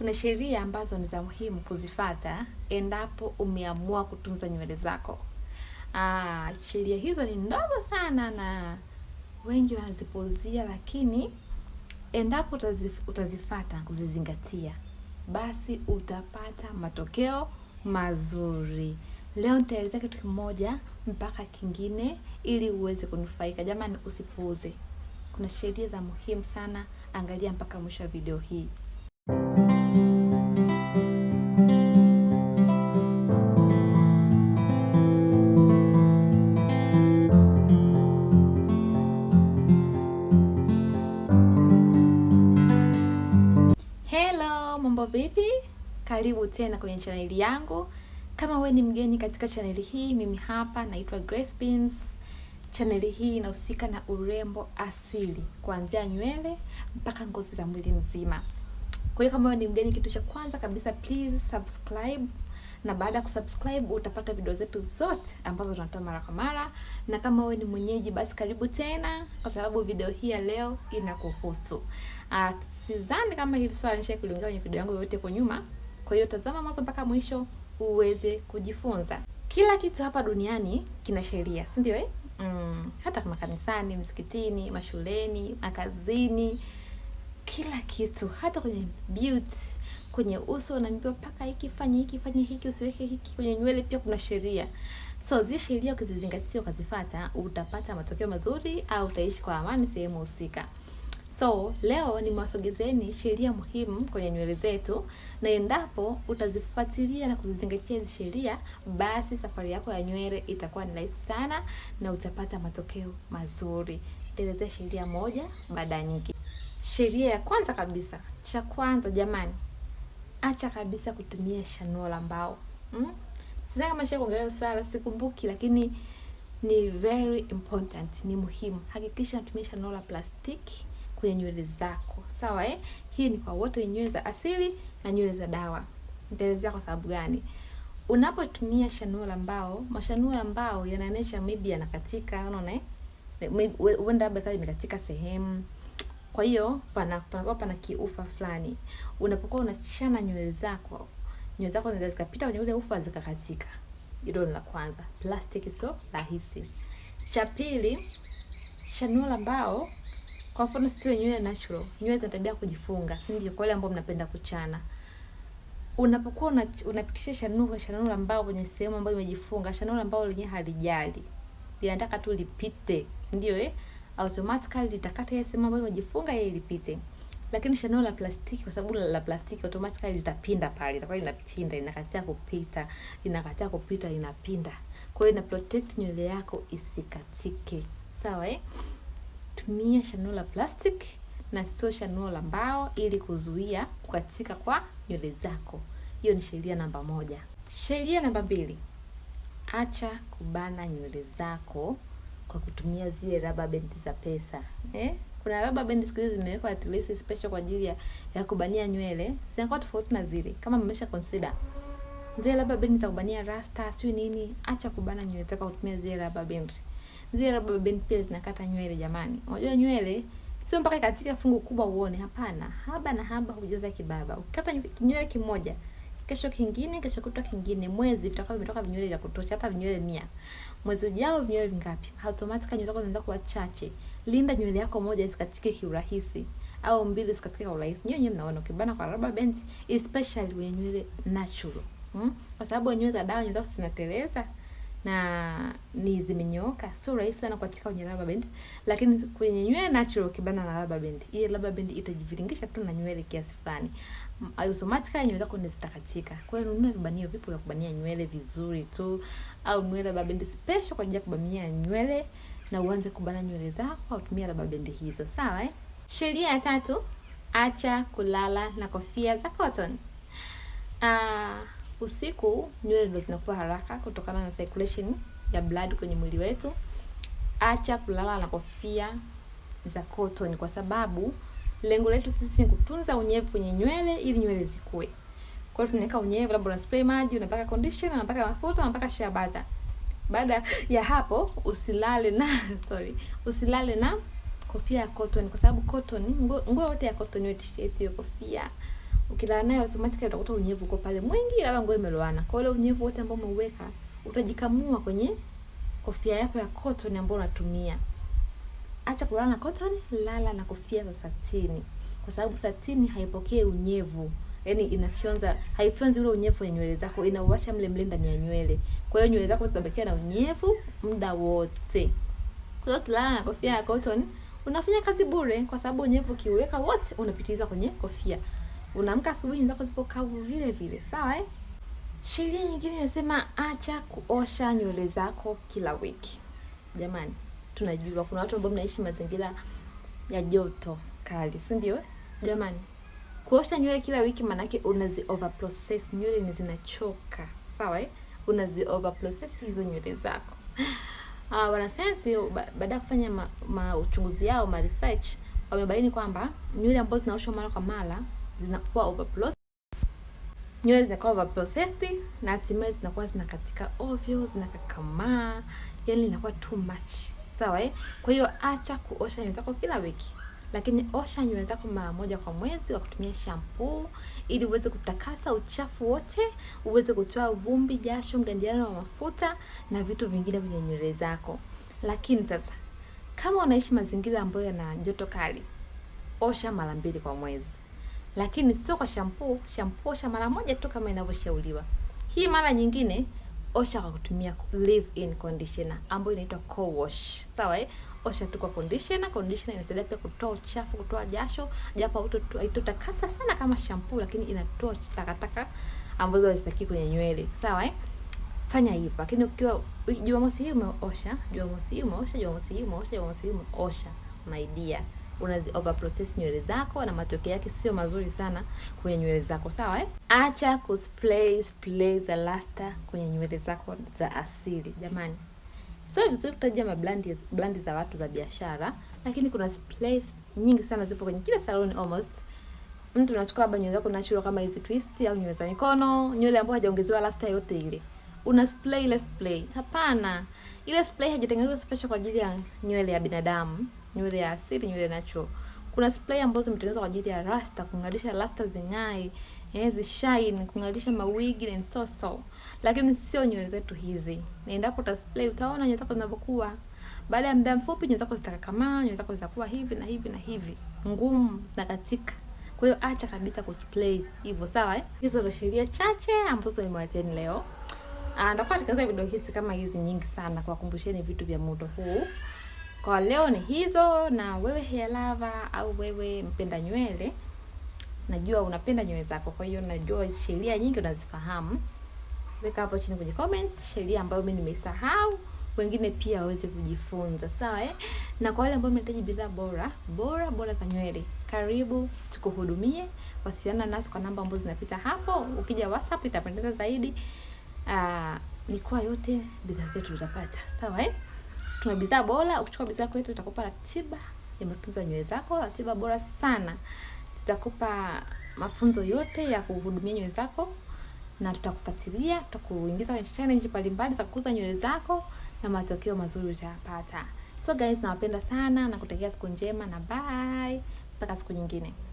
kuna sheria ambazo ni za muhimu kuzifata endapo umeamua kutunza nywele zako. Ah, sheria hizo ni ndogo sana na wengi wanazipuuzia, lakini endapo utazif, utazifata kuzizingatia, basi utapata matokeo mazuri. Leo nitaeleza kitu kimoja mpaka kingine ili uweze kunufaika. Jamani, usipuuze, kuna sheria za muhimu sana. Angalia mpaka mwisho wa video hii. tena kwenye chaneli yangu. Kama we ni mgeni katika chaneli hii, mimi hapa naitwa Grace Beans. Chaneli hii inahusika na urembo asili, kuanzia nywele mpaka ngozi za mwili mzima. Kwa hiyo kama we ni mgeni, kitu cha kwanza kabisa, please subscribe na baada ya kusubscribe utapata video zetu zote ambazo tunatoa mara kwa mara, na kama wewe ni mwenyeji, basi karibu tena, kwa sababu video hii ya leo inakuhusu. Ah, sidhani kama hili nishai nishakuliongea kwenye video yangu yoyote huko nyuma. Kwa hiyo tazama mwanzo mpaka mwisho uweze kujifunza. Kila kitu hapa duniani kina sheria, si ndio eh? Mm, hata makanisani, msikitini, mashuleni, makazini, kila kitu, hata kwenye beauty, kwenye uso unaambiwa paka hiki fanye hiki fanye hiki usiweke hiki, kwenye nywele pia kuna sheria. So zile sheria ukizizingatia, ukazifata, utapata matokeo mazuri au utaishi kwa amani sehemu husika. So leo nimewasogezeni sheria muhimu kwenye nywele zetu, na endapo utazifuatilia na kuzizingatia hizi sheria, basi safari yako ya nywele itakuwa ni rahisi sana na utapata matokeo mazuri. Nitaelezea sheria moja baada ya nyingine. Sheria ya kwanza kabisa, cha kwanza jamani, acha kabisa kutumia shanuo la mbao mm? Sasa kama shia kuongelea swala sikumbuki, lakini ni very important, ni muhimu. Hakikisha natumia shanuo la plastiki kwenye nywele zako, sawa eh? Hii ni kwa wote wenye nywele za asili na nywele za dawa. Nitaelezea kwa sababu gani. Unapotumia shanuo la mbao, mashanuo ya mbao yanaonesha maybe yanakatika, unaona eh? Wenda labda kama imekatika sehemu, kwa hiyo pana pana pana kiufa fulani. Unapokuwa unachana nywele zako, nywele zako zinaweza zikapita kwenye ule ufa zikakatika. Hilo ni la kwanza, Plastic sio rahisi. Cha pili, shanuo la mbao kwa mfano sisi wenyewe natural, nywele za tabia kujifunga, si ndio? Kwa wale ambao mnapenda kuchana. Unapokuwa una, unapitisha shanuru shanuru ambao kwenye sehemu ambayo imejifunga, shanuru ambao lenyewe halijali. Linataka tu lipite, si ndio eh? Automatically litakata ile sehemu ambayo imejifunga ili lipite. Lakini shanuru la plastiki kwa sababu la plastiki automatically litapinda pale, litakuwa linapinda, linakataa kupita, linakataa kupita, linapinda. Kwa hiyo ina protect nywele yako isikatike. Sawa eh? tumia shanuo la plastic na sio shanuo la mbao ili kuzuia kukatika kwa nywele zako. Hiyo ni sheria namba moja. Sheria namba mbili, acha kubana nywele zako kwa kutumia zile rubber band za pesa eh? Kuna rubber band siku hizi zimewekwa at least special kwa ajili ya, ya kubania nywele, zinakuwa tofauti na zile kama mmesha consider zile rubber band za kubania rasta sio nini. Acha kubana nywele zako kutumia zile rubber band zile labda bend pia zinakata nywele. Jamani, unajua nywele sio mpaka katika fungu kubwa uone. Hapana, haba na haba hujaza kibaba. Ukikata nywele kimoja, kesho kingine, kesho kutwa kingine, mwezi vitakuwa vimetoka vinywele vya kutosha, hata vinywele mia. Mwezi ujao vinywele vingapi? Automatically nywele zako zinaanza kuwa chache. Linda nywele yako moja isikatike kiurahisi au mbili isikatike kwa urahisi. Nyewe nyewe mnaona ukibana kwa rubber bands especially wenye nywele natural. Hmm? Kwa sababu nywele za dawa nywele zako zinateleza na ni zimenyooka, sio rahisi sana kukatika kwenye rubber band, lakini kwenye nywele natural ukibana na rubber band, ile rubber band itajiviringisha tu na nywele kiasi fulani, automatically nywele zako zitakatika. Kwa hiyo nunua vibanio, vipo vya kubania nywele vizuri tu, au nywele rubber band special kwa ajili ya kubania nywele, na uanze kubana nywele zako au tumia rubber band hizo, sawa eh? Sheria ya tatu, acha kulala na kofia za cotton. Ah, uh, Usiku nywele ndo zinakuwa haraka kutokana na circulation ya blood kwenye mwili wetu. Acha kulala na kofia za cotton, kwa sababu lengo letu sisi ni kutunza unyevu kwenye nywele ili nywele zikue. Kwa hiyo tunaweka unyevu, labda una spray maji, unapaka conditioner, unapaka mafuta, unapaka shea butter. Baada ya hapo usilale na sorry, usilale na kofia ya cotton, kwa sababu cotton, nguo yote ya cotton, hiyo t-shirt, kofia Ukilala nayo automatically utakuta unyevu uko pale mwingi, labda nguo imeloana. Kwa hiyo unyevu wote ambao umeuweka utajikamua kwenye kofia yako ya cotton ambayo unatumia. Acha kulala na cotton, lala na kofia za satini, kwa sababu satini haipokei unyevu yaani inafyonza, haifyonzi ule unyevu wa nywele zako, inauacha mle mle ndani ya nywele. Kwa hiyo nywele zako zitabakia na unyevu muda wote. Kwa hiyo kilala na kofia ya cotton unafanya kazi bure, kwa sababu unyevu ukiuweka wote unapitiliza kwenye kofia unaamka asubuhi nzako zipo kavu vile vile, sawa eh? Sheria nyingine inasema acha kuosha nywele zako kila wiki. Jamani, tunajua kuna watu ambao mnaishi mazingira ya joto kali, si ndio? Eh? Jamani, kuosha nywele kila wiki maanake unazi overprocess nywele, ni zinachoka, sawa eh? Unazi overprocess hizo nywele zako. Uh, wanasayansi baada ya kufanya ma, ma uchunguzi yao ma research wamebaini kwamba nywele ambazo zinaoshwa mara kwa mara zinakuwa overprocessed, nywele zinakuwa overprocessed na hatimaye zinakuwa zinakatika ovyo, zinakakamaa, yani inakuwa too much. Sawa eh? Kwa hiyo acha kuosha nywele zako kila wiki, lakini osha nywele zako mara moja kwa mwezi kwa kutumia shampoo, ili uweze kutakasa uchafu wote, uweze kutoa vumbi, jasho, mgandiano wa mafuta na vitu vingine kwenye nywele zako. Lakini sasa kama unaishi mazingira ambayo yana joto kali, osha mara mbili kwa mwezi lakini sio kwa shampoo. Shampoo osha mara moja tu kama inavyoshauriwa. Hii mara nyingine osha kwa kutumia leave in conditioner ambayo inaitwa co wash, sawa eh? Osha tu kwa conditioner. Conditioner inasaidia pia kutoa uchafu, kutoa jasho, japo haitotakasa sana kama shampoo, lakini inatoa takataka ambazo hazitaki kwenye nywele, sawa eh? Fanya hivyo, lakini ukiwa Jumamosi hii umeosha, Jumamosi hii umeosha, Jumamosi hii umeosha, Jumamosi hii umeosha, my dear unazi overprocess nywele zako na matokeo yake sio mazuri sana kwenye nywele zako, sawa eh? Acha kuspray spray za lasta kwenye nywele zako za asili jamani. Sio vizuri kutaja mablandi blandi za watu za biashara, lakini kuna spray nyingi sana zipo kwenye kila saloni almost mtu unachukua labda nywele zako natural kama hizi twist au nywele za mikono, nywele ambayo hajaongezewa lasta yote ile, una spray ile spray. Hapana, ile spray haijatengenezwa special kwa ajili ya nywele ya binadamu nywele ya asili, nywele natural. Kuna spray ambazo zimetengenezwa kwa ajili ya rasta, kung'arisha rasta zing'ae, eh, zishine, kung'arisha mawigi and so so. Lakini sio nywele zetu hizi. Endapo uta spray utaona nywele zako zinavyokuwa. Baada ya muda mfupi nywele zako zitakamaa, nywele zako zitakuwa hivi na hivi na hivi. Ngumu na katika. Kwa hiyo acha kabisa kuspray hivyo, sawa eh? Hizo ndo sheria chache ambazo nimewaleteni leo. Ah, ndakuwa nikaanza video hizi kama hizi nyingi sana kuwakumbusheni vitu vya muda huu. Kwa leo ni hizo, na wewe hair lover au wewe mpenda nywele, najua unapenda nywele zako, kwa hiyo najua sheria nyingi unazifahamu. Weka hapo chini kwenye comments sheria ambayo mimi nimesahau, wengine pia waweze kujifunza, sawa eh? Na kwa wale ambao mnahitaji bidhaa bora bora bora za nywele, karibu tukuhudumie. Wasiliana nasi kwa namba ambazo zinapita hapo, ukija WhatsApp itapendeza zaidi. Uh, ah, mikoa yote bidhaa zetu utapata, sawa eh? tuna bidhaa bora. Ukichukua bidhaa kwetu, tutakupa ratiba ya matunzo ya nywele zako, ratiba bora sana. Tutakupa mafunzo yote ya kuhudumia nywele zako na tutakufuatilia, tutakuingiza kwenye challenge mbalimbali za kukuza nywele zako na matokeo mazuri utayapata. So guys, nawapenda sana na kutakia siku njema na bye, mpaka siku nyingine.